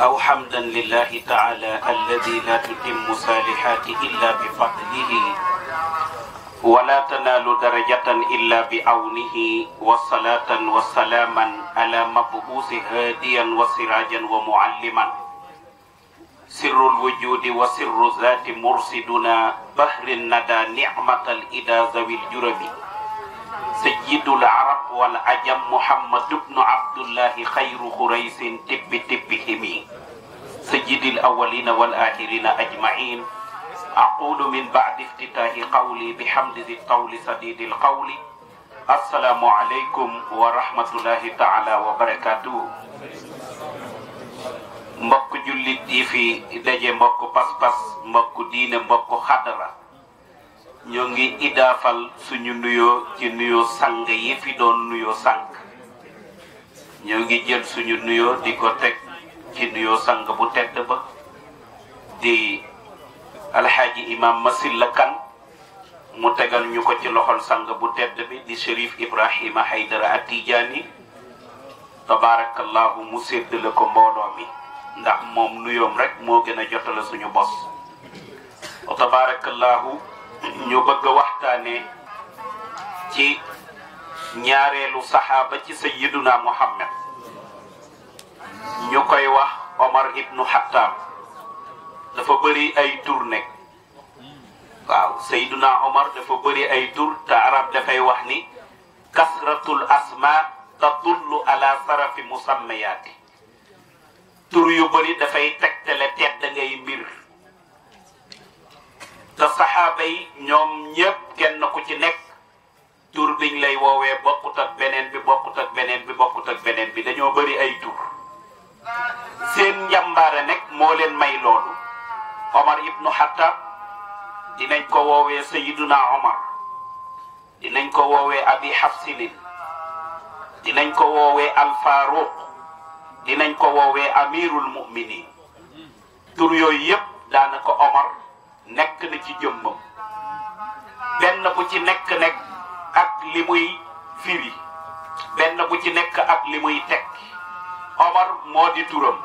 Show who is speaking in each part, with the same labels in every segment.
Speaker 1: aw hamdan lillahi taala alladi la tutimmu salihati illa bi fadlihi wala tanaalu darajatan illa bi awnihi wa salatan wa salaaman ala mabuusi haadiyan wa siraajan wa mualliman sirru lwujudi wa sirru zaati mursiduna bahri nada nicmatal ida zawil jurabi sayyidul arab wal ajam muhammad ibnu abdullahi xayru xuraysin tibbi tibbihimi sayyidil awwalina wal axirina ajmain aqulu min baadi iftitaahi qawli bihamdi di tawli sadidil qawli assalaamu aleykum wa rahmatullahi taala wa barakaatuhu mbokk jullit yi fi daje mbokk pas-pas mbokk diine mbokk xadara ñoo ngi idaafal suñu nuyoo ci nuyoo sang yi fi doon nuyoo sànq ñoo ngi jël suñu nuyoo di ko teg ci nuyoo sang bu tedd ba di alxaaji imam Masilla Kan mu tegal ñu ko ci loxol sang bu tedd bi di Cherif Ibrahima Haydara Atijaani tabarakallahu mu séddale ko mboodoo mi ndax moom nuyoom rek moo gën a jotale suñu bos tabarakallahu ñu bëgg a ci ñaareelu saxaaba ci sayyiduna Muhammad ñu koy wax Omar ibnu Xattaab dafa bëri ay tur nekk waaw sayyiduna Omar dafa bëri ay tur te dafay wax ni kasratul asma tatullu ala sarafi musammayaati tur yu bëri dafay tegtale tedd ngay mbir te saxaaba yi ñoom ñépp kenn ku ci nekk tur biñ lay woowee bokkut ak beneen bi bokkut ak beneen bi bokkut ak bi dañoo bari ay tur seen njàmbaare nekk moo leen may loolu Omar ibnu Xattab dinañ ko woowe Sayyiduna Omar dinañ ko woowe Abi Xafsinin dinañ ko woowee Alfaaruq dinañ ko woowe Amirul Muminin tur yooyu yépp daanaka Omar nekk na ci jëmmam benn bu ci nekk nekk ak li muy firi benn bu ci nekk ak li muy tekk Omar moo di turam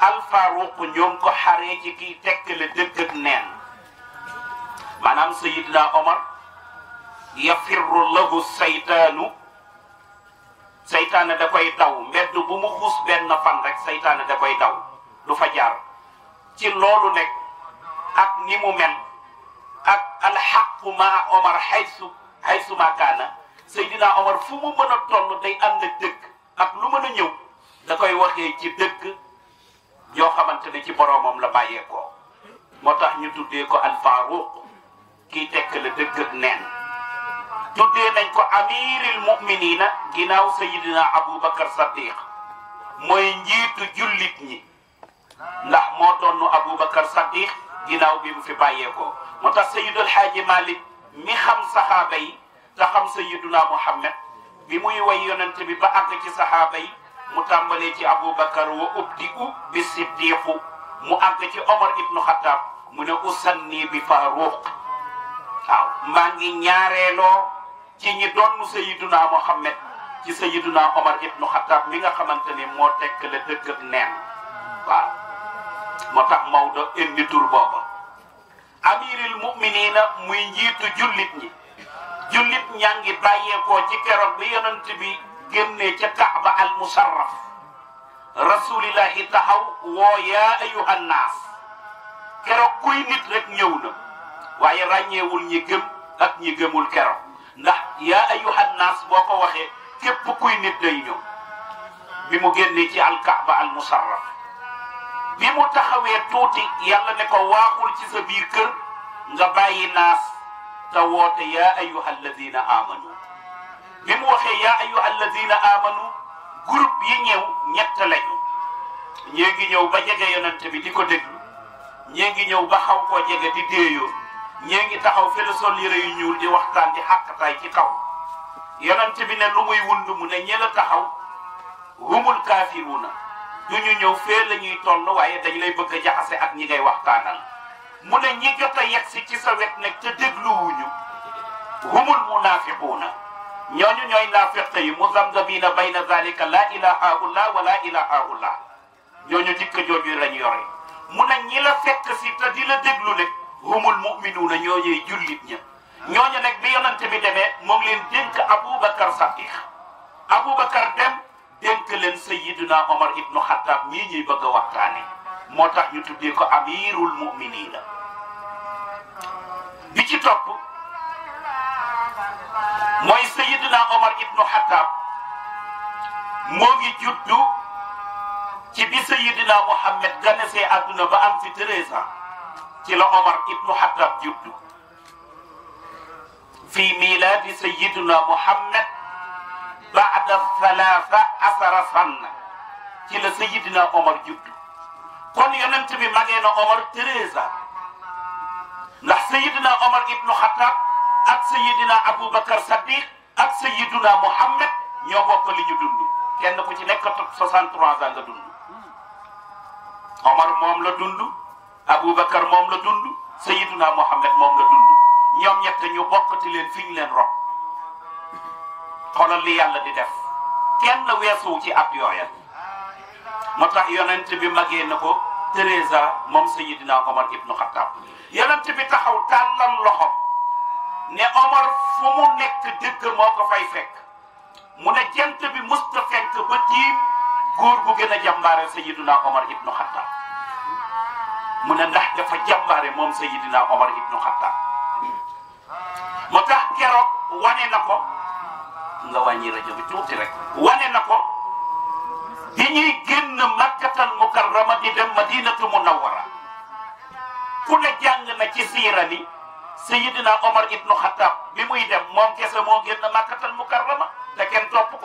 Speaker 1: alfaruq ñoom ko xaree ci kiy tekkale dëgg ak neen maanaam sayidna Omar yafirru lahu saytaanu saytaane da koy daw mbedd bu mu xuus benn fan rekk seytaane da koy daw du fa ci loolu nekk ak ni mu mel ak alxaqu maa Omar xaysu xaysu maa kaana Seydina Omar fu mu mën a toll day ànd ak dëgg ak lu mën a ñëw da koy waxee ci dëkk yoo xamante ne ci moom la bàyyeekoo moo tax ñu tuddee ko alfaaruq kii tekk la dëgg ak neen tuddee nañ ko amiril muminina ginnaaw sayidina aboubacar sadiq mooy njiitu jullit ñi ndax moo doon nu aboubacar sadiq ginnaaw bi mu fi bàyyeekoo moo tax Seydul Xaaji Malik mi xam saxaaba yi te xam Seyduna Muhammad bi muy way yonent bi ba àgg ci saxaaba yi mu tàmbalee ci Aboubacar wa ubdiu bi siddiqu mu àgg ci Omar ibnu Xattaab mu ne usanni bi Faaruq waaw maa ngi ñaareeloo ci ñi doon Seyduna Muhammad ci Seyduna Omar ibnu Xattaab mi nga xamante ni moo tekk la neen moo tax Maodo indi tur booba amiril muminina muy njiitu jullit ñi jullit ñaa ngi bàyyeekoo ci keroog bi yonent bi génnee ca kaaba al musarraf taxaw woo yaa ayuha naas keroog kuy nit rek ñëw na waaye ràññeewul ñi gëm ak ñi gëmul keroog ndax yaa ayuha naas boo ko waxee képp kuy nit day ñëw bi mu génnee ci al kaaba al musarraf bi mu taxawee tuuti yàlla ne ko waaxul ci sa biir kër nga bàyyi naas te woote yaa ayuha alladina amanu bi mu waxee yaa ayuha alladina amanu groupe yi ñëw ñett lañu ñee ngi ñëw ba jege yonent bi di ko déglu ñee ngi ñëw ba xaw ko jege di déeyoo ñee ngi taxaw fële sol yére yu ñuul di waxtaan di xàqataay ci kaw yonent bi ne lu muy wund mu ne ñe la taxaw humul kaafiruuna du ñu ñëw fee la ñuy toll waaye dañ lay bëgg a jaxase ak ñi ngay waxtaanal mu ne ñi jot a si ci sa wet nag te dégluwuñu humul munaafiquuna ñooñu ñooy naafiq yi muzamzamiina bayna zalika laa ilaaha illa wa laa ilaaha illa ñooñu jikko yi lañ yore mu ne ñi la fekk si te di la déglu nag humul muminuuna ñooñuy jullit ña ñooñu nag bi yonante bi demee moom leen dénk Aboubacar Sadiq Aboubacar dem. dénk leen Sayyidina Omar ibnu Xattaab mii ñuy bëgg a waxtaane tax ñu tuddee ko amirul muminina bi ci topp mooy Sayyidina Omar ibnu Xattaab moo ci bi Sayyidina Muhammad ibnu Xattaab juddu fi miilaadi Sayyidina Muhammad baada salaasa asara sanna ci la Seydina Omar juddu kon yonent bi magee na Omar treize ans ndax Seydina Omar ibnu Xattaab ak Seydina Aboubacar Saddiq ak Seydina Mouhamed ñoo bokk li ñu kenn ku ci nekk soixante trois ans nga dund Omar moom la dund Aboubacar moom la dund Seydina Mouhamed moom la dund ñoom ñett ñu bokk ci leen fi ñu leen rob xoolal li yàlla di def kenn weesu ci ab yooya moo tax yonent bi magee na ko Teresa moom Seydina Omar ibnu Xattaab yonent bi taxaw tàllal loxo ne Omar fu mu nekk dëgg moo ko fay fekk mu ne jant bi musta ba tiim góor gu gën a jàmbaare Seydina Omar ibnu Xattaab mu ne ndax dafa jàmbaare moom Seydina Omar ibnu Xattaab moo tax keroog wane na ko. nga wàññi rajo bi tuuti rek wane na ko bi ñuy génn makkatal mukarrama di dem madinatu munawwara ku ne jàng na ci siira ni sayidina omar ibnu xattaab bi muy dem moom kese moo génn makkatal mukarrama te kenn ko te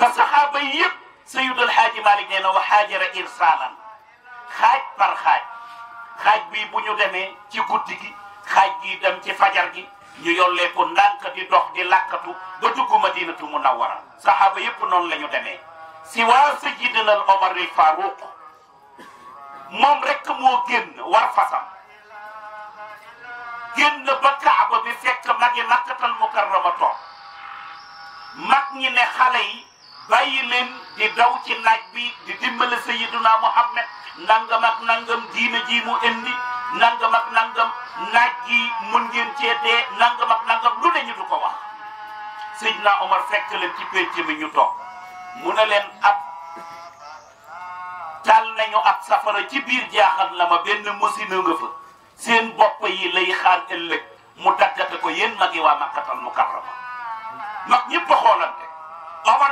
Speaker 1: saxaaba yëpp sayidul xaaji malik nee wa xaajara irsaalan xaaj par xaaj xaaj bi bu ñu demee ci guddi gi xaaj gi dem ci fajar gi ñu yollee ko ndànk di dox di làkkatu ba dugg madinatu munawwara saxaaba yépp noonu la ñu demee si waa sayyidina al Omar al Faruq moom rek moo génn war fasam génn ba kaaba bi fekk magi makkatal mukarrama toog mag ñi ne xale yi bàyyi leen di daw ci naaj bi di dimbale Sayyiduna Muhammad nangam ak nangam diina ji mu indi nangam ak nangam naaj gi mën ngeen cee dee nangam ak nangam lu ne ñu du ko wax. Sayyidina Omar fekk leen ci penc mi ñu toog mu ne leen ab taal nañu ab safara ci biir jaaxal la ma benn machine fa seen bopp yi lay xaar ëllëg mu daggate ko yéen magi waa Makkatal Mukarrama mag ñëpp a xoolante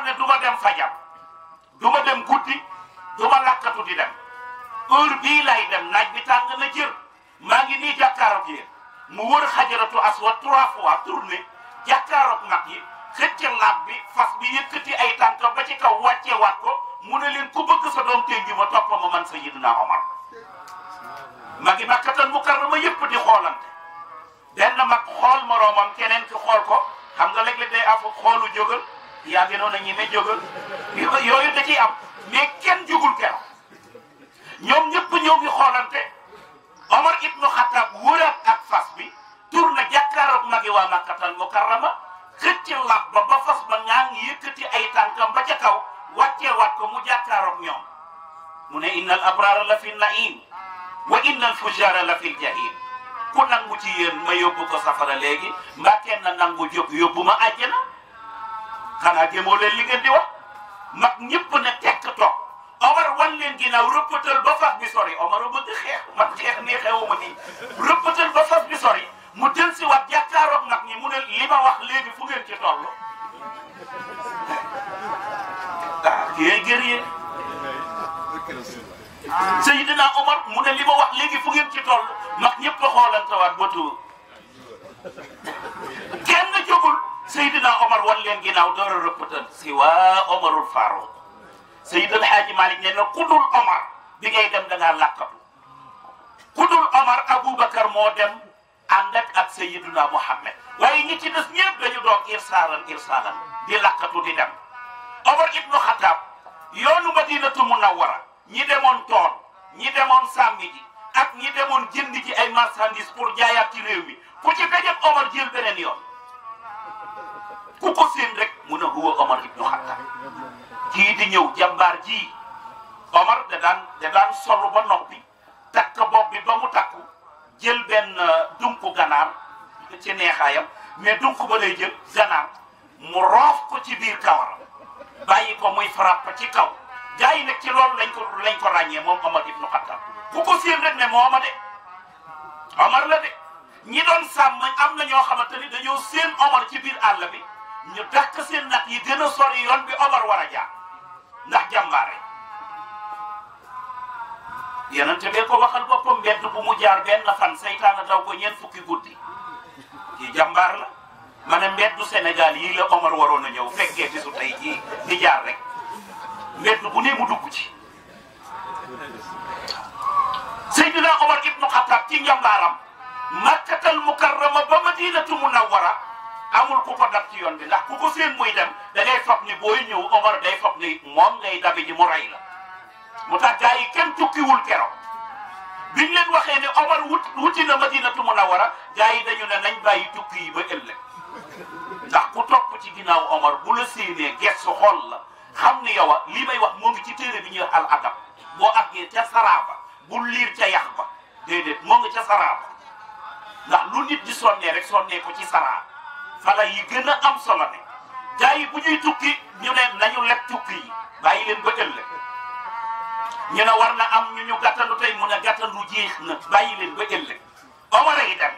Speaker 1: ne du ma dem fajam. du ma dem guddi du ma lakkatu di dem heure bii lay dem naaj bi tàng na jër maa ngi nii jàkkaaroog yéen mu wër xajaratu aswad trois fois tourné jàkkaaroog nag yi xëcc naab bi fas bi yëkkati ay tànk ba ci kaw wàcceewaat ko mu ne leen ku bëgg sa doom tey ji ma topp ma man Sayyidina Omar ma ngi makkatal mukarrama yëpp di xoolante benn mag xool moroomam keneen ki xool ko xam nga léeg-léeg day af xoolu jógal yaa ngi noonu la ñuy jógal yooyu da ci am mais kenn jógul keroog ñoom ñëpp ñoo ngi xoolante Omar ibnu Xattaab wëraat ak fas bi tur na jàkkaaroog magi waa Makkatal Mukarrama xëcc làpp ba ba fas ba ngaa ngi yëkkati ay tànkam ba ca kaw wàccee ko mu jàkkaaroog ñoom mu ne innal abraara la fi naim wa innal fujaara la fi jahim ku nangu ci yéen ma yóbbu ko safara léegi mbaa kenn nangu jóg yóbbu ma àjjana xanaa demoo leen li ngeen di wax mag ñëpp na tekk toog Omar wan leen ginnaaw rëppatal ba fas bi sori Omar a bëgg xeex man xeex nii xewu ma nii rëppatal ba fas bi sori mu del si waat jàkkaaroog nag ñi mu ne li ma wax léegi fu ngeen ci toll. ah kii ay guerrier Seydina Omar mu ne li ma wax léegi fu ngeen ci toll mag ñëpp a xoolantawaat ba tuur la auteur reporter siwa Omarul Faruq Seydi El Hadji Malick nee na kudul Omar bi ngay dem da ngaa làkkatu kudul Omar Aboubacar moo dem ànd ak ak Seydina Mohamed waaye ñi ci des ñëpp dañu doon irsaalan irsaalan di làkkatu di dem Omar ibnu Xataab yoonu Madinatu Munawwara ñi demoon tool ñi demoon sàmmi ak ñi demoon jënd ci ay marchandises pour jaayaat ci ku ci dajab Omar jël beneen yoon. ku ko seen rek mun a huwa Omar ibnu Xattaab kii di ñëw jàmbaar ji Omar da daan da daan solu ba noppi takk bopp bi ba mu takku jël benn euh, dunku ganaar ci neexaayam mais dunku ba lay jël ganaar mu roof ko ci biir kawaram bàyyi ko muy frappe ci kaw gars yi nag ci loolu lañ ko lañ ko ràññee moom Omar ibnu Xattaab ku ko seen rek ne mooma de Omar la de ñi doon sàmm am na ñoo xamante ni dañoo seen Omar ci biir àll bi. ñu takk seen nag yi gën a sori yoon bi Omar war a jaar ndax jàmbaare yeneen te bee ko waxal boppam mbedd bu mu jaar benn fan seytaana daw ko ñeent fukki guddi kii jàmbaar la ma ne mbeddu Sénégal yii la Omar waroon a ñëw fekkee bisu tey jii di jaar rek mbedd bu ne mu dugg ci Seydina Omar ibnu Xattaab ci njàmbaaram makkatal mukarrama ba madinatu munawwara amul ku ko dab ci yoon bi ndax ku ko seen muy dem da ngay foog ni booy ñëw Omar day foog ni moom ngay dabi ji mu rey la mu tax gars yi kenn tukkiwul keroog biñ leen waxee ne Omar wut wuti na Madinatu Munawwara gars yi dañu ne nañ bàyyi tukki yi ba ëllëg ndax ku topp ci ginnaaw Omar bu la séenee gestu xool la xam ni yow lii may wax moo ngi ci téere bi ñuy wax al adab boo àggee ca saraaba bu liir ca yax ba déedéet moo ngi ca saraaba ndax lu nit di sonnee rek sonnee ko ci saraaba fala yi gën a am solo ne gaa yi bu ñuy tukki ñu ne nañu leb tukki yi bàyyi leen ba ëllëg ñu war na am ñu ñu gàttandu tey mu ne gàttandu jeex na bàyyi leen ba ëllëg Omar yi dem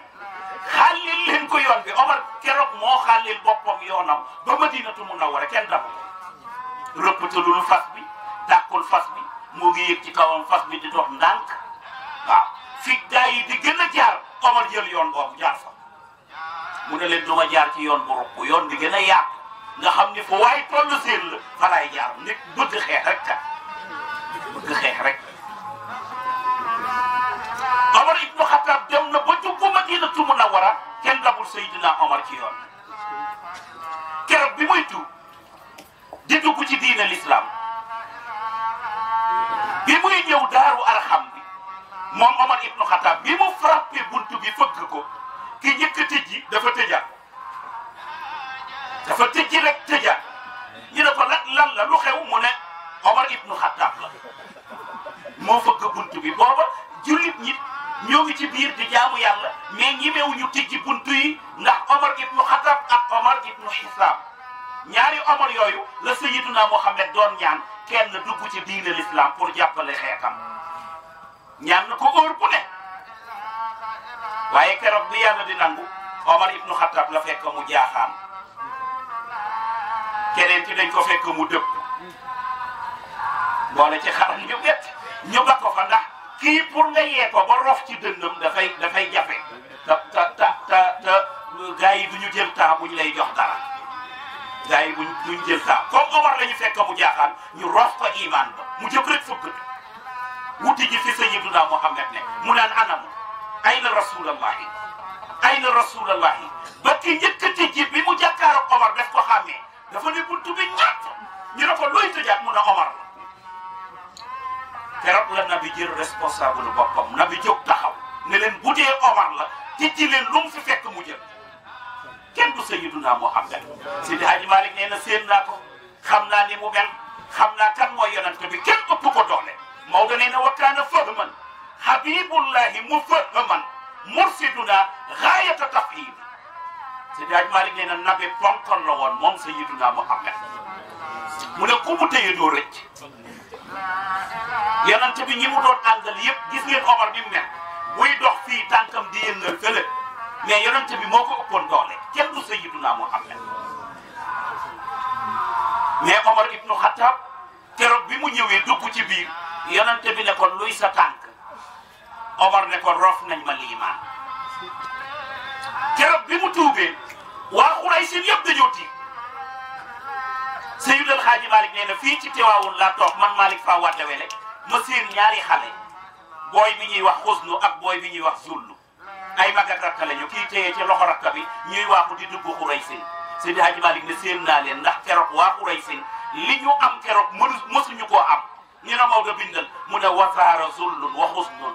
Speaker 1: xaalil leen ko yoon bi Omar keroog moo xaalil boppam yoonam ba Madinatu Munawwara kenn dafa ko rëppatalul fas bi dàqul fas bi moo ngi yëg ci kawam fas bi di dox ndànk waaw fi gaa yi di gën a jaar Omar jël yoon boobu jaar fa mu ne leen du ma jaar ci yoon bu rokku yoon bi gën a yàq nga xam ni fu waay toll seen la fa laay jaar nit bëgg xeex rek ta rek Omar ibnu Xattaab dem na ba jubbu Madinatu Munawwara kenn dabul Seydina Omar ci yoon keroog bi muy tuub di dugg ci diine l'islam bi muy ñëw daaru arxam bi moom Omar ibnu Xattaab bi mu frappé buntu bi fëgg ko ki njëkk a tijji dafa tëjaat dafa tijji rek tëjaat ñu ne ko lan lan la lu xew mu ne Omar ibnu Xattaab la moo fëgg bunt bi booba jullit ñi ñoo ngi ci biir di jaamu yàlla mais ñemewuñu tijji buntu yi ndax Omar ibnu Xattaab ak Omar ibnu Xisaab ñaari Omar yooyu la Sayyiduna Muhammad doon ñaan kenn dugg ci diine l'islam pour jàppale xeetam ñaan na ko óor bu ne waaye keroog bu yàlla di nangu Omar ibnu Xattab la fekk mu jaaxaan keneen ti dañ ko fekk mu dëpp boole ci xaram ñu bett ñu ba ko fa ndax kii pour nga yee ko ba rof ci dëndam dafay dafay jafe te te te te te gars yi du ñu jël temps bu ñu lay jox dara gars yi buñ jël temps comme Omar lañu ñu fekk mu jaaxaan ñu rof ko iman ba mu jëpp rek fëgg wuti ji fi Sayyiduna Muhammad ne mu naan anam ayna rasulallahi ayna rasulallahi ba ki njëkkati ji bi mu jàkkaaru Omar def ko xàmmee dafa ne buntu bi ñett ñu ne ko looy tëjaat mun a Omar la keroog la nabi jël responsable boppam nabi jóg taxaw ne leen bu dee Omar la tijji leen lu mu fi fekk mu jël kenn du sayyiduna Muhammad Seydi Hadji Malick nee na séen naa ko xam naa ni mu mel xam naa kan mooy yonent bi kenn ëpp ko doole Maodo nee na wa kaana fahman habibullahi mufahhaman mursiduna gaayata tafhim Seydi Hadj Malick nee na nabi ponkal la woon moom Sayyiduna Muhammad mu ne ku mu téye doo rëcc yonent bi ñi mu doon àndal yëpp gis ngeen Omar bi mu mel buy dox fii tànkam di yëngal fële mais yonent bi moo ko ëppoon doole kenn du Sayyiduna Muhammad mais Omar ibnu Xattaab keroog bi mu ñëwee dugg ci biir yonent bi ne ko luy sa Omar ne ko rof nañ ma liimaan keroog bi mu tuubee waa xuray sin yëpp dañoo tiit Seydou El Hadji Malick nee fii ci Tiwaawoon laa toog man Malick Fa Wadda Wele ma seen ñaari xale booy bi ñuy wax xusnu ak booy bi ñuy wax zullu ay mag ak rakk lañu kii téye ci loxo rakk bi ñuy waaxu di dugg xuray sin Seydou El Hadji ne seen naa leen ndax keroog waa xuray li ñu am keroog mënu mësuñu koo am ñu ne Maodo bindal mu ne wasaara zullun wa xusnun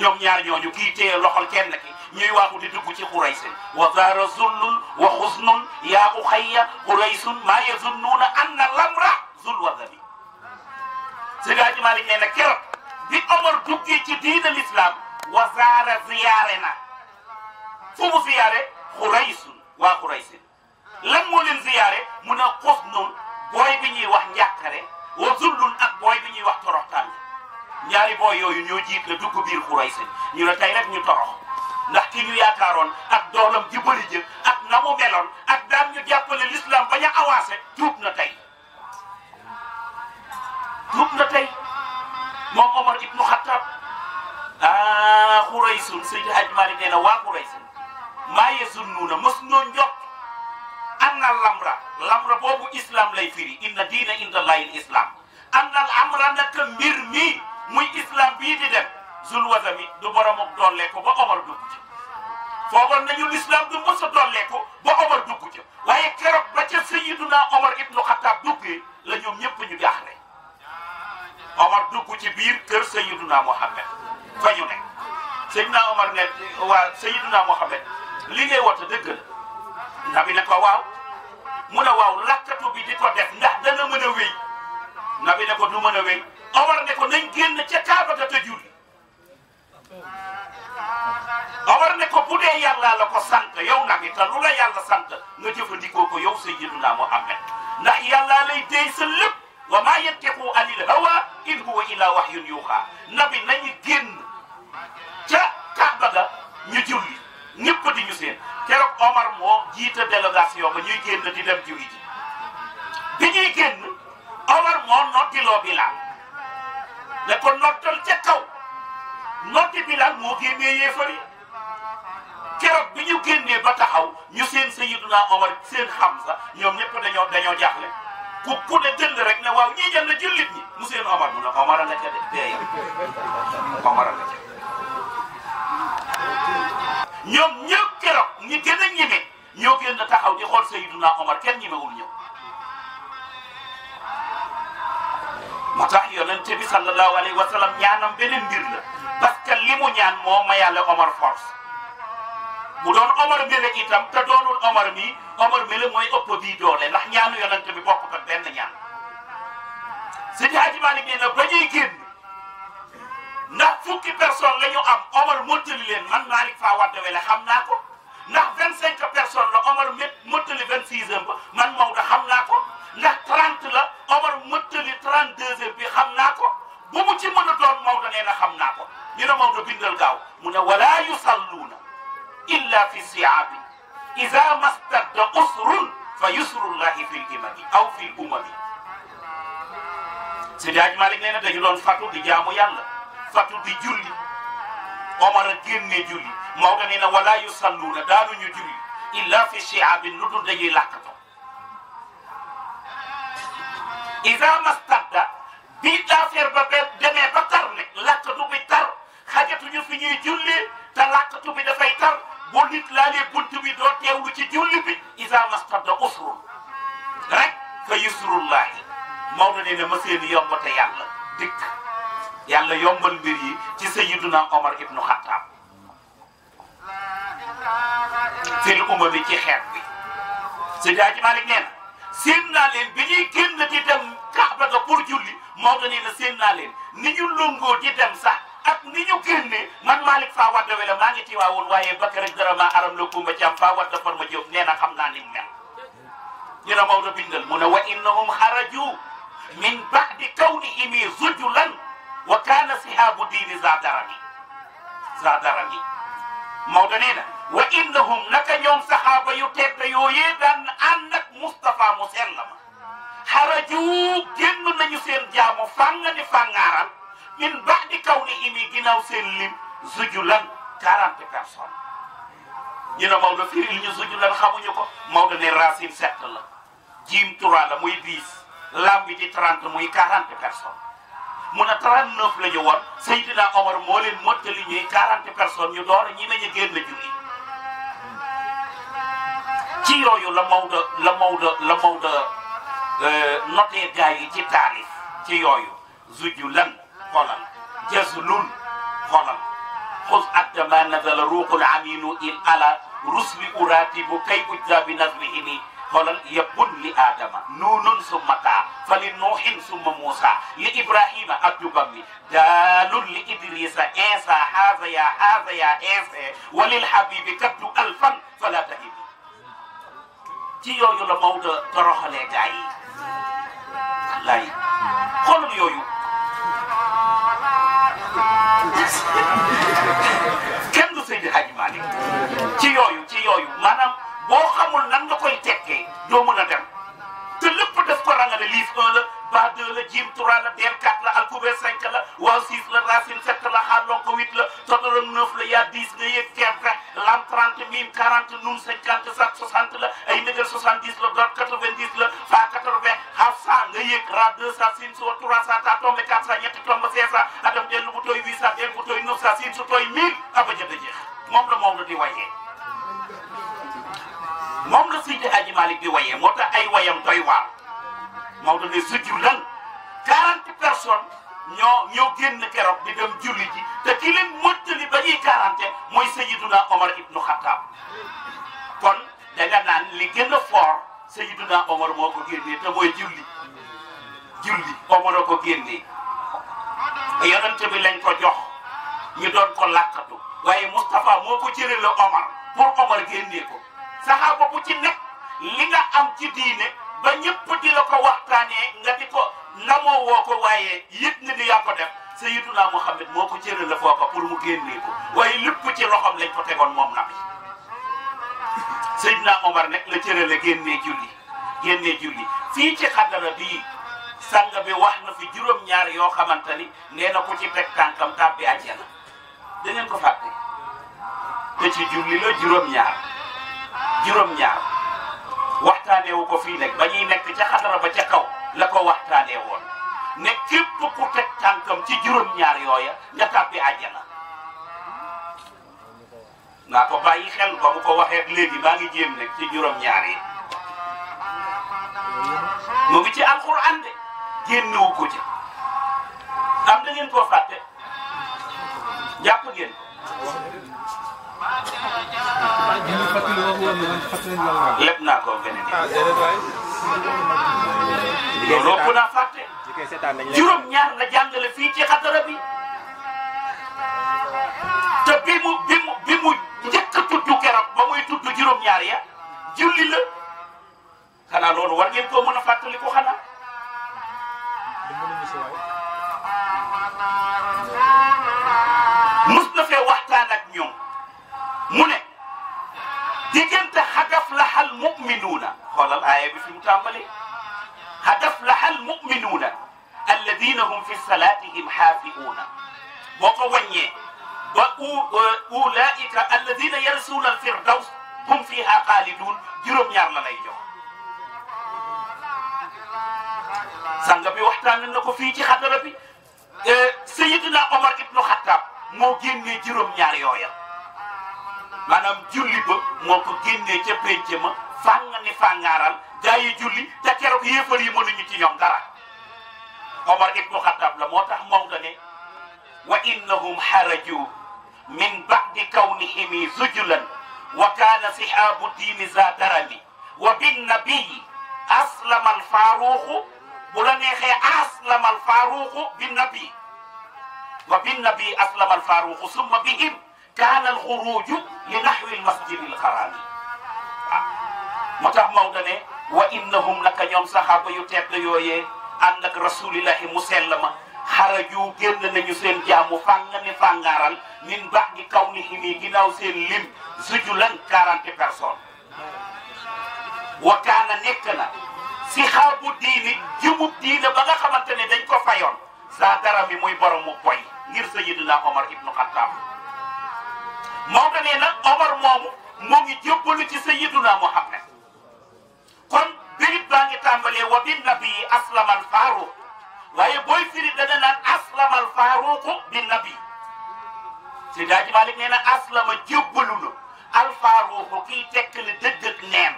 Speaker 1: ñoom ñaar ñooñu kii téye loxol kenn ki ñuy waaxu di dugg ci xuraysin wa zaara zullun wa xusnun yaa u xayya xuraysun maa yazunnuuna anna lamra zul wadabi Seydi Malick nee na keroog bi Omar duggee ci diina l'islam wa zaara ziyaare na fu mu ziyaare xuraysun waa xuraysin lan moo leen ziyaare mu ne xusnun booy bi ñuy wax njàqare wa zullun ak booy bi ñuy wax toroxtaan ñaari booy yooyu ñoo jiit la dugg ñu ne tey ñu torox ndax ki ñu yaakaaroon ak doolam ji bëri jë ak na mu meloon ak daan ñu jàppale l'islam bañ a avancé tuub na tey tuub na tey moom Omar ibnu Xattab ah xuray sun sëñ Haj Malik nee waa xuray sun maa yazunnuuna mës noo njot anna lamra lamra boobu islam lay firi inna diina inda llahi islam anna amra naka mbir mi muy islam bii di dem zul wasami du borom ak doole ba Omar dugg ca foogoon nañu l'islam du mos a doole ko ba Omar dugg ca waaye keroog ba ca Sayyiduna Omar ibnu Xattaab duggee la ñoom ñëpp ñu jaaxle Omar dugg ci biir kër Sayyiduna Muhammad fa ñu ne Sayyiduna Omar ne waa Sayyiduna Muhammad li ngay woote dëgg la nabi ne ko waaw mu ne waaw lakkatu bi di ko def ndax dana mën a wéy nabi ne ko du mën a wéy. Omar ne ko nañ génn ca Kaaba ga te julli Omar ne ko bu dee yàlla la ko sant yow nag it lu la yàlla sant nga jëfandikoo ko yow sayyiduna Muhammad ndax yàlla lay dey sa lépp wa maa yantiqu anil hawa in huwa illa wahyun yuuhaa nabi nañu génn ca Kaaba ga ñu julli ñëpp di ñu seen keroog Omar moo jiite délégation ba ñuy génn di dem julli bi ñuy génn Omar moo noddiloo Bilaal ne ko noddal ca kaw noddi Bilaal moo génnee yéefar yi keroog bi ñu génnee ba taxaw ñu seen Sayyiduna Omar seen Hamza ñoom ñëpp dañoo dañoo jaaxle ku ku ne tëll rek ne waaw ñii jënd jullit ñi mu seen Omar mu ne Omar a nga ca a ñoom ñëpp keroog ñi gën a ñeme ñoo gën a taxaw di xool Sayyiduna Omar kenn ñemewul ñëw moo tax yonente bi sallallahu alayhi wa sallam ñaanam beneen mbir la parce que moo ma yàlla Omar force bu doon Omar bi la itam te doonul Omar mi Omar mi la mooy ëpp bii doole ndax ñaanu yonente bi bokk ak benn ñaan Seydi Hadji Malick nee na ba ñuy génn ndax fukki person la ñu am Omar mottali leen man Malick Fa Wade Wele xam naa ko ndax vingt cinq personnes la Omar mét mottali vingt ba man Maodo xam naa ko ndax 30 la Omar mëttali 32 heures bi xam naa ko bu mu ci mën a doon Maodo nee na xam naa ko ñu ne Maodo bindal gaaw mu ne wala yusalluuna illa fi siaabi ida mastadda usrun fa yusrullahi fil imami aw fil umami Seydi Hadji Malick nee na dañu doon fatu di jaamu yàlla fatu di julli Omar a ne julli Maodo nee na wala yusalluuna daanuñu julli illa fi siaabi lu dul dañuy làkk isa mastadda bii daafeer ba be demee ba tar ne làkkatu bi tar xajatuñu fi ñuy julli te làkkatu bi dafay tar bu nit laalee bunt bi doo teewlu ci julli bi isa mastadda usrun rek fa yusrullahi Maodo nee na ma seen yomb te yàlla dikk yàlla yombal mbir yi ci sayyiduna Omar ibnu Xattaab seen umma bi ci xeet bi si daa ji Malik nee na séen naa bi ñuy génn di dem Kaaba ga pour julli Maodo nee na séen naa leen ni ñu lëngoo di dem sax ak ni ñu génnee man Malick Fa Wadda wala maa ngi tiwaawoon waaye Bakar ak dara maa aram la Kumba Thiam Fa Wadda Farma Diop nee na xam na ni mu mel. ñu ne Maodo bindal mu ne wa innahum xaraju min ba'di kawnihi zujulan wa kaana sihaabu diini zaadarami zaadarami Maodo nee na. wa innahum naka ñoom saxaaba yu tedd yooyee daan ànd ak Moustapha mu sell ma xaraju génn nañu seen jaamu fànga ni fàngaaral min ba'di kawni yi ginnaaw seen lim zujulan quarante personnes ñu ne Maodo firil ñu zujulan ñu ko Maodo ne racine sept la jiim trois la muy dix lam bi di trente muy quarante personnes mu ne 39 la ñu woon Seydina Omar moo leen mottali ñuy 40 personnes ñu door ñi nañu génn julli ci yooyu la Maodo la Maodo la Maodo euh, noté gaa yi ci taalif ci yooyu zuju lan xoolal jazlun xoolal xus adda ma nazala ruuqul aminu in ala rusli uratibu kay ujja bi nazmihi ni xoolal yëppun li aadama nuunun summa taa fa li nuuhin summa muusa li ibrahima ak jubam bi daalun li idrisa insa haaza ya haaza ya insa walil habibi kattu alfan fala tahib ci yooyu la Maodo toroxalee gaay yi wallaay xoolal yooyu kenn du Seydi Hadji Malick ci yooyu ci yooyu maanaam boo xamul nan nga koy tekkee doo mën a dem te lépp def ko rangale livre 1 la ba 2 la jim 3 la del 4 la alcoubé 5 la waaw 6 la racine 7 la xaalonko 8 la todorom 9 la yaa 10 nga yëg lam 30 mim 40 nun 57 60 la ay ndëgër 70 la doot 90 la fa 80 hafsa nga yëg ra 200 sin su 300 ta tombé 400 ñetti tombé 500 adam dellu bu tooy 800 dellu bu tooy 900 sin su tooy 1000 aba jënd jeex moom la moom la di wayee moom la Seydi Hadji Malick di wayee moo tax ay wayam doy waar Maodo ne sujur lan 40 personnes ñoo ñoo génn keroog di dem julli ji te ki leen mottali ba ñuy garante mooy Sayyiduna Omar ibnu Xattaab kon da nga naan li gën a fort Sayyiduna Omar moo ko génnee te mooy julli julli Omar a ko génnee yonent bi lañ ko jox ñu doon ko làkkatu waaye Moustapha moo ko jëlee la Omar pour Omar génnee ko saxaaba bu ci nekk li nga am ci diine. ba ñëpp di la ko waxtaanee nga di ko namoo woo ko waaye yëg nga ni yaa ko def Sayyiduna Muhammad moo ko cëral la foofa pour mu génnee ko waaye lépp ci loxoom lañ ko tegoon moom nabi Sayyiduna Omar nag la cërale génnee julli génnee julli fii ci xadara bii sang bi wax na fi juróom-ñaar yoo xamante ni nee na ku ci teg tànkam tàbbi àjjana dangeen ko fàtte te ci julli la juróom-ñaar juróom-ñaar. waxtaaneewu ko fii nag ba ñuy nekk ca xadara ba ca kaw la ko waxtaanee woon ne képp ku teg tànkam ci juróom-ñaar yooya nga tàbbi àjjana naa ko bàyyi xel ba mu ko waxee léegi maa ngi jéem nag ci juróom-ñaar yi mu ngi ci alxuraan de génnewu ko ci am da ngeen koo fàtte jàpp ngeen lépp naa ko beneen yi. loolu ëpp naa fàtte. juróom-ñaar la jàngale fii ci xadara bi te bi mu bi mu bi mu njëkk a tudd muy tudd juróom-ñaar ya julli la xanaa war ngeen koo mën a fàttali ko xanaa. mus na fee diggante xadaf laxal muminuuna xoolal aaya bi fi mu tàmbali xadaf laxal muminuuna alladina hum fi salatihim xaafiuuna boo ko wàññee ba e, ulaika alladina yarsuuna alfirdaws hum fiha xaaliduun juróom-ñaar la lay jox sanga bi waxtaan na ko fii ci xadara bi e, Seydina Omar ibnu Xattaab moo génnee juróom-ñaar yooya maanaam julli ba moo ko génnee ca pénc ma fàng ni fàngaaral gaa yi julli te keroog yéefar yi mënuñu ci ñoom dara Omar ibnu Xattab la moo tax Maodo ne wa innahum xaraju min ba'di kawnihimi zujulan wa kaana sihaabu diini za darami wa binnabiyi aslamal faaruuxu bu la neexee aslamal faaruuxu binnabi wa binnabi aslamal faaruuxu summa bihim kaana al li naxwi al masjid moo tax Maodo ne wa innahum naka ñoom saxaaba yu tedd yooyee ànd ak rasulillahi mu sell ma xaraju génn nañu seen jaamu fàng ni fàngaaral min baax gi kaw ni seen lim zujulan quarante personnes wa kaana nekk na si xaabu diini jëmub diine ba nga xamante ne dañ ko fayoon saa dara mi muy boromu boy ngir sayidina Omar ibnu Xattaab moo ko nee na Omar moomu moo ngi jébbalu ci sayyiduna Muhammad kon béyit baa ngi tàmbalee wa bin nabi aslamal faaruq waaye booy firi dana naan aslamal faaruqu bin nabi si daaji Malik nee na aslama jébbalu na al faaruqu kiy tekkale dëgg ak neen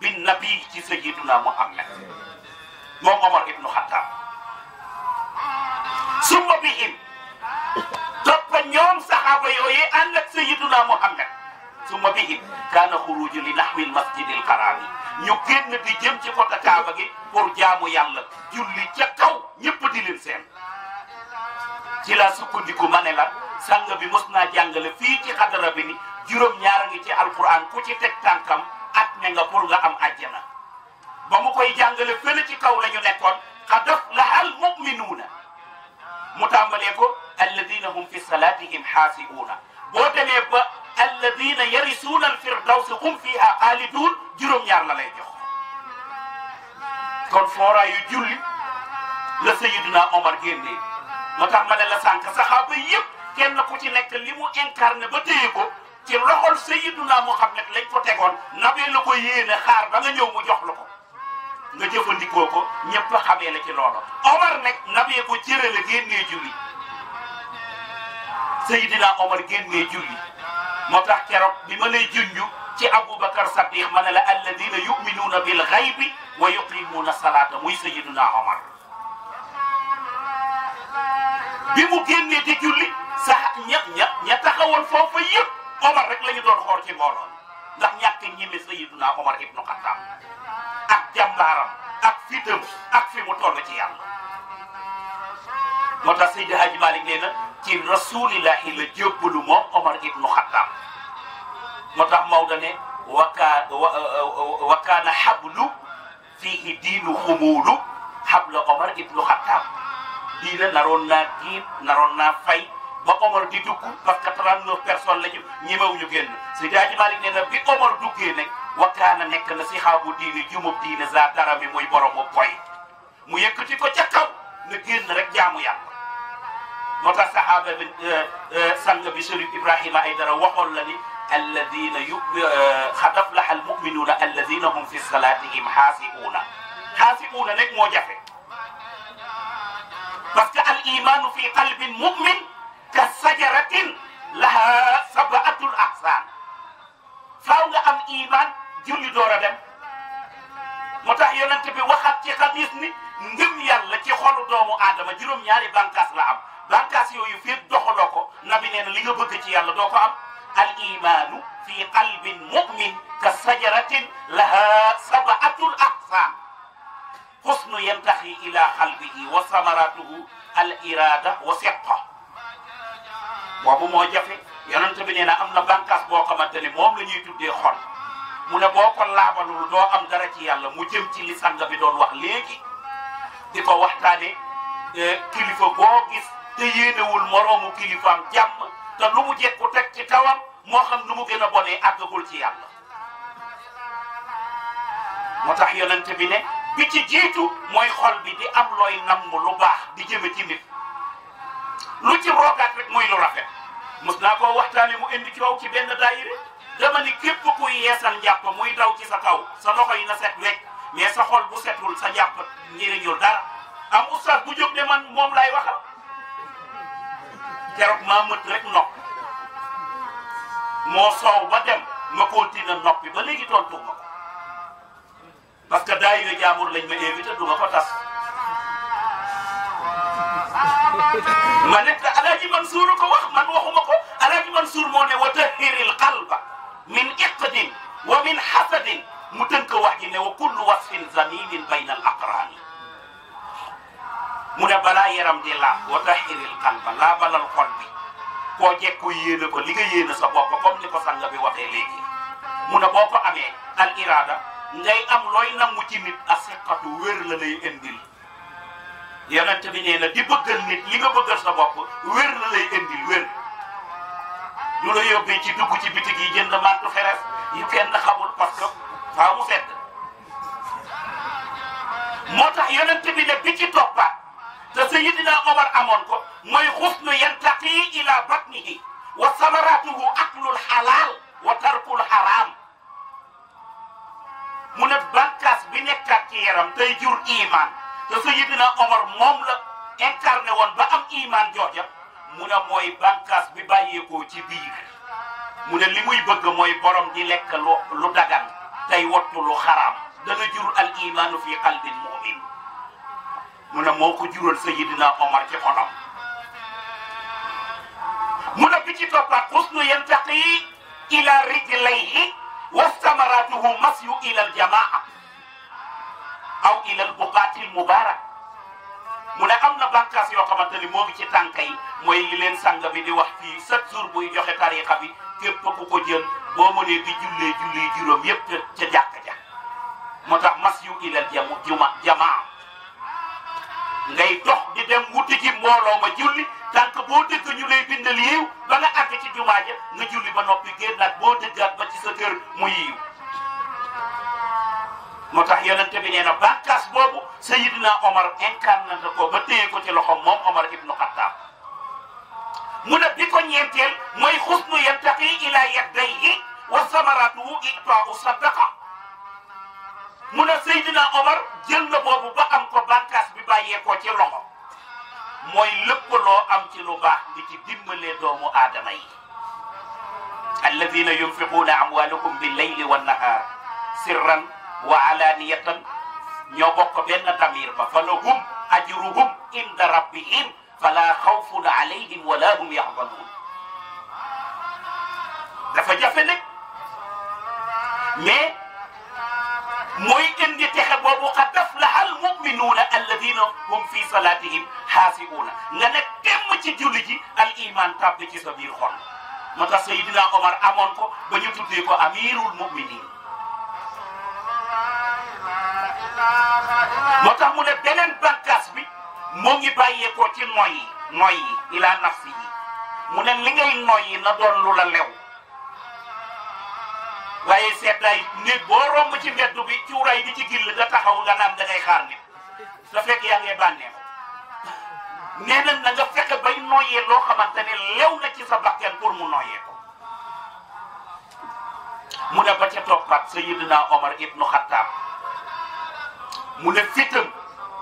Speaker 1: bin ci sayyiduna Muhammad moom Omar ibnu Xattaab summa bihim toppa ñoom saxaaba yooyee ànd ak sayyiduna Muhammad summa bihim kaana xuruju li naxwil masjidil xaraami ñu génn di jëm ci côté Kaaba gi pour jaamu yàlla julli ca kaw ñëpp di leen seen ci la sukkandiku ma ne la sàng bi mos naa jàngale fii ci xadara bi ni juróom-ñaar a ngi ci alquran ku ci teg tànkam at ne nga pour nga am àjjana ba mu koy jàngale fële ci kaw lañu ñu nekkoon xadaf lahal muminuuna mu tàmbalee ko alladina hum fi salatihim xaasiuuna boo demee ba alladina yarisuuna alfirdawsi hum fiha xaaliduun juróom-ñaar la lay jox kon fooraayu julli la sayiduna omar génnee moo tax ma ne la sànq saxaaba yëpp kenn ku ci nekk li mu incarné ba téye ko ci loxol sayiduna Muhammad lañ ko tegoon nabee la ko yéene xaar ba nga ñëw mu jox la ko nga jëfandikoo ko ñëpp xamee la ci loolu Omar nag nabee ko cërale génnee julli Seydina Omar génnee julli moo tax keroog bi ma lay junju ci Aboubacar Sadiq ma ne la alladina yuminuuna bil xaybi wa yuqimuuna salaata muy Seydina Omar bi mu génnee di julli sax ña ña ña taxawal foofu yëpp Omar rek la doon xool ci mbooloo ndax ñàkk ñeme Sayyiduna Omar ibnu Xattaab ak jàmbaaram ak fitam ak fi mu toll ci yàlla moo tax Seydi Hadji Malick nee na ci rasulillahi la jébbalu moom Omar ibnu Xattaab moo tax Maodo ne wakaa wa kaana xablu fiihi diinu xumuulu xabla Omar ibnu Xattaab diina naroon naa diin naroon naa fay ba Omar di dugg parce que 39 personnes lañu ñemewuñu génn si daaji Malick nee na bi Omar duggee nag wakkaana nekk na si xaabu diini jumub diini za dara mi muy boromu boy mu yëkkati ko ca kaw na génn rek jaamu yàlla moo tax sahaaba bi euh, euh, sang bi Chérif Ibrahima Aïdara waxoon la ni alladina yu qad euh, aflaha almuminuuna alladina hum fi salatihim xaasiuuna xaasiuuna nag moo jafe parce que al imanu fi qalbin mumin ka sajaratin laha sab'atul aqsam faaw nga am iman julli door a dem moo tax yonent bi waxaat ci xadis ni ngëm yàlla ci xolu doomu aadama juróom-ñaari bànqaas la am bànqaas yooyu fii doxaloo ko nabi nee na li nga bëgg ci yàlla doo ko am al imaanu fi qalbin mu'min ka sajaratin laha sab'atul aqsam xusnu yantaxi ila qalbihi wa samaratuhu al irada wa siqa boobu moo jafe yonent bi nee na am na bànqaas boo xamante ni moom la ñuy tuddee xol mu ne boo ko laabalul doo am dara ci yàlla mu jëm ci li bi doon wax léegi di ko waxtaane eh, kilifa boo gis te yéenewul moroomu kilifaam jàmm te lu mu jekku teg ci kawam moo xam nu mu gën a bonee àggagul ci yàlla moo tax yonent bi ne bi ci jiitu mooy xol bi di am looy namm lu baax di jëme ti nit lu ci roogaat rek muy lu rafet mos naa koo waxtaane mu indi ci waw ci benn daayire dama ni képp kuy yeesal njàpp muy daw ci sa kaw sa loxo yi na set wecc mais sa xol bu setul sa njàpp njëriñul dara am oustaz bu jóg ne man moom lay waxal keroog maa mët rek nopp moo soow ba dem ma continue noppi ba léegi tontu ko parce que daayire jaamur lañ ma invité du ma ko tas ma nekk a Mansuur ko wax man waxuma ko Alaaji Mansuur moo ne wa tahiril qalba min iqdin wa min hasadin mu tënk wax ji ne wa kullu wasfin zamimin bayna al aqrani mu ne balaa yaram di la wa tahiril qalba laa balal xol bi koo jekku yéene ko li nga yéene sa bopp comme ni ko sanga bi waxee léegi mu ne boo ko amee al irada ngay am looy mu ci nit a seqatu wér la lay indil yonent bi nee na di bëggal nit li nga bëggal sa bopp la lay indil wér ñu la yóbbee ci dugg ci bitig yi jënd màttu xeref yi kenn xamul parce que faa mu fedd moo tax yonent bi ne bi ci toppaat te Sayyidina Omar amoon ko mooy xusnu yantaqi ila batnihi wa samaratuhu aklul xalaal wa tarkul xaraam mu ne bànqaas bi nekkaat ci yaram jur iman te Sayyidina Omar moom la incarné woon ba am iman jooja mu ne mooy bànqaas bi bàyyeekoo ci biir mu ne li muy bëgg mooy borom di lekk lu lu dagan tey wattu lu xaraam dana jur al imaanu fi qalbil mu ne moo ko jural Sayyidina Omar ci xolam mu ne bi ci toppaat xusnu yantaqi ila rijlayhi wa samaratuhu masyu ila al jamaa aw ilal uqaatil mubaarak mu ne am na bànqaas yoo xamante ni moo ngi ci tànk yi mooy li leen sang bi di wax fii chaque jour buy joxe tariqa bi képp ku ko jël boo mënee di jullee jullee juróom yépp ca jàkka ja moo tax mas yu ilal jamu juma jamaa ngay dox di dem wuti ci mbooloo ma julli tànk boo dëkk ñu lay bindal yiw ba nga àgg ci jumaa ja nga julli ba noppi génnaat boo dëggaat ba ci sa kër mu yiw moo tax yonente bi nee na bàkkaas boobu Seydina Omar incarné na ko ba téye ko ci loxom moom Omar ibnu Xattaab mu ne bi ko mooy xusnu yattaqi ila yaddayhi wa samaratuhu itaau sadaqa mu ne Seydina Omar jël na boobu ba am ko bànkaas bi bàyyeekoo ci loxo mooy lépp loo am ci lu baax di ci dimbalee doomu aadama yi alladina yunfiquuna bi leyli wa nahaar sirran wa alaniyatan ñoo bokk benn damir ba fa lahum ajruhum inda rabbihim fala xawfun alayhim wala hum yaxzanuun dafa jafe nag mais mooy indi texe boobu qad aflaha almuminuuna alladina hum fi salatihim xaasiuuna nga ne temm ci julli ji al iman tàbbi ci sa biir xol moo tax Seydina Omar amoon ko ba ñu tuddee ko amirul muminin moo tax mu ne beneen bànqaas bi moo ngi bàyyeekoo ci noy yi noy yi ilaa nafsi yi mu ne li ngay noy yi na doon la lew waaye seddaay nit boo romb ci mbedd bi cuuraay bi ci gill nga taxaw ga naan da ngay xaar nit sa fekk yaa ngay bànneex nee na bay noyyee loo xamante ne lew na ci sa bakkan mu noyyee ko mu ne ba ca toppaat Sayyidina Omar ibnu Xattaab mu ne fitam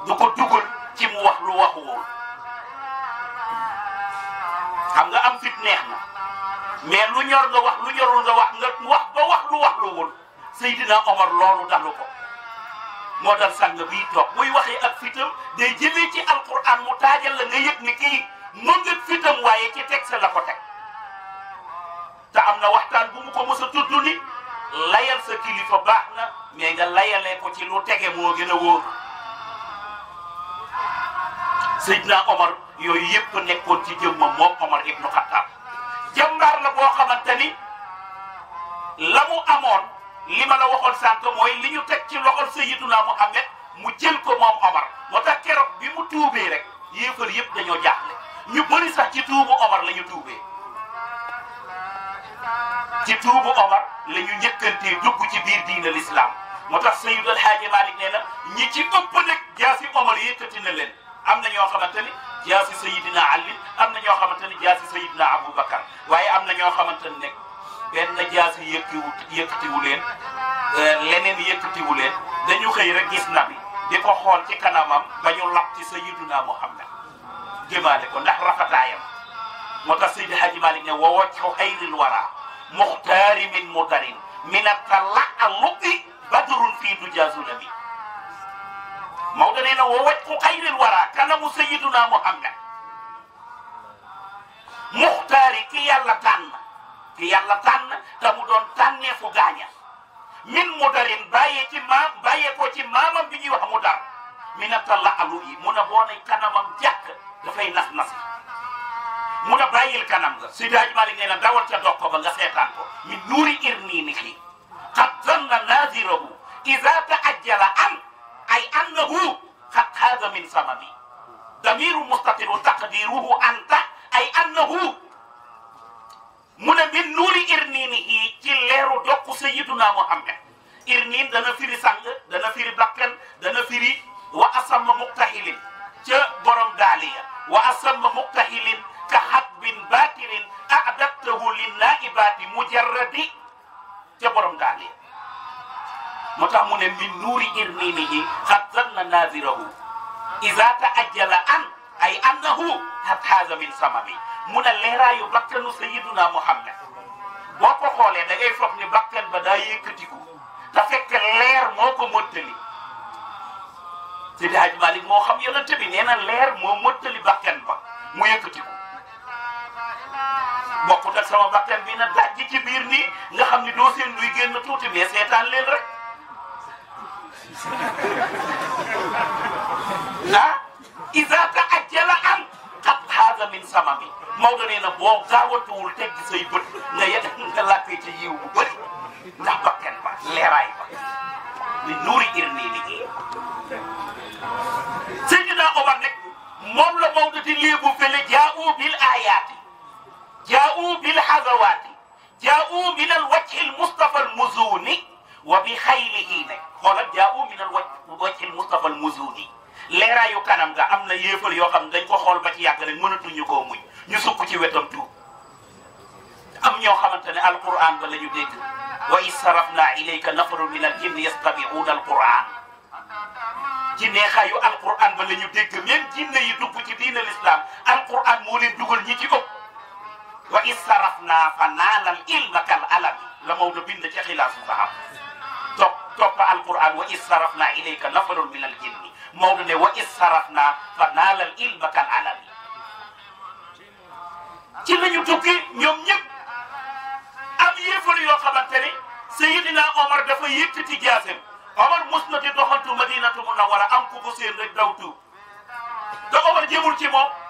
Speaker 1: du ko dugal ci mu wax lu waxuwul xam nga am fit neex na mais lu ñor nga wax lu ñorul nga wax nga wax ba wax lu wax lu wul Seydina Omar loolu dalu ko moo dal sàng bii toog muy waxee ak fitam day jëmee ci alquran mu taajal la nga yëg ni kii mu ngi fitam waaye ci texte la ko teg te am na waxtaan bu mu ko mos a tudd ni layal sa kilifa baax na mais nga layalee ko ci lu tege moo gën a wóor Seydina Omar yooyu yëpp nekkoon ci jëmmam yépp Omar ibnu Xattaab jàmbaar la boo xamante ni la mu amoon li ma la waxoon sànq mooy li ñu teg ci loxol Seydina Muhammad mu jël ko moom Omar moo tax keroog bi mu tuubee rek yéefar yëpp dañoo jaaxle ñu bëri sax ci tuubu Omar la tuubee. ci tuubu Omar la ñu njëkkantee dugg ci biir diina l'islam moo tax Seydou El Hadj Malick nee na ñi ci ëpp nag jaasi Omar yëkkati na leen am na ñoo xamante ni jaasi Seydina Ali am na ñoo xamante ni jaasi Seydina Aboubacar waaye am na ñoo xamante ne benn jaasi yëkkiwu yëkkatiwu leen euh, leneen yëkkatiwu leen dañu xëy rek gis na bi di ko xool ci kanamam ba ñu lap ci Seydina Muhammad jëmaale ko ndax rafetaayam. moo tax Seydi Hadji Malick ne wa waccu xayril wara muxtaari min mudarin min atalaqi badrun fii dujaasuna bi Maodo nee na wa waccu xayril wara kanamu Sayyiduna Muhammad muxtaari ki yàlla tànn ki yàlla tànn te mu doon fu gaaña min mudarin bàyyee ci maam bàyyee ko ci maamam bi ñuy wax mudar min atalaqi mu ne boo ne kanamam jàkk dafay nas nasi mun a bàyyil kanam nga si daaj Malick nee na dawal ca dox ko ba nga seetaan ko min nuuri irniinihi qad zanna naazirahu iza taajjala an ay annahu qad haaza min samami damiru mustatirun taqdiruhu anta ay annahu mu ne min nuuri irniinihi ci leeru dokku sayyiduna Muhammad irniin dana firi sang dana firi bakken dana firi wa asamma muktahilin ca borom daaliya wa asamma muktahilin ka habbin batirin a'dadtahu linnaibati mujarradi ca borom daali moo tax mu ne min nuuri irminihi xat i nazirahu iza ta'ajjala an ay annahu xat haaza min samami mu ne leeraayu bakkanu sayyiduna Muhammad boo ko xoolee da ngay foog ni bakkan ba daa yëkkatiku te fekk leer moo ko mottali Seydi Hadji Malick moo xam yonent bi nee na leer moo mottali bakkan ba mu yëkkatiku bokkut ak sama bakkan mi na dajji ci biir nii nga xam ni doo seen luy génn tuuti mais seetaan leen rek ah isa taajjala an qad haaza min samami Maodo nee na boo gaawatuwul teg ci say bët nga yet nga làppee ci yiw bu bëri ndax bakkan ba leeraay ba li nuuri irni liggéey Seydina Omar nag moom la Maodo di léebu fële jaa bil ayaati wa جاءوا بالحزوات جاءوا من الوجه المصطفى المزوني وبخيله نك xoolal جاءوا من الوجه المصطفى المزوني leeraayu kanam nga am na yéefal yoo xam dañ ko xool ba ci yàgg rek mënatuñu koo muñ ñu sukk ci wetam tuub am ñoo xamante ne alquran ba la ñu dégg wa is sarafna ilayka nafaru min al jinni yastabiuuna alquran ci neexaayu alquran ba la ñu dégg même jinne yi dugg ci diin al islam alquran moo leen dugal ñi ci ëpp wa istarafna fa naanal ilma kal alami la Maodo bind ci xilaasu sahab topp topp alquran wa istarafna ilayka nafarun min al jinni Maodo ne wa istarafna fa naanal ilma kal alami ci la ñu tukki ñoom ñëpp am yéefar yoo xamante ni Seydina Omar dafa yëkkati jaasem Omar mos na di doxantu madinatu munawwara am ku ko seen rek daw tuub da Omar jëmul ci moom.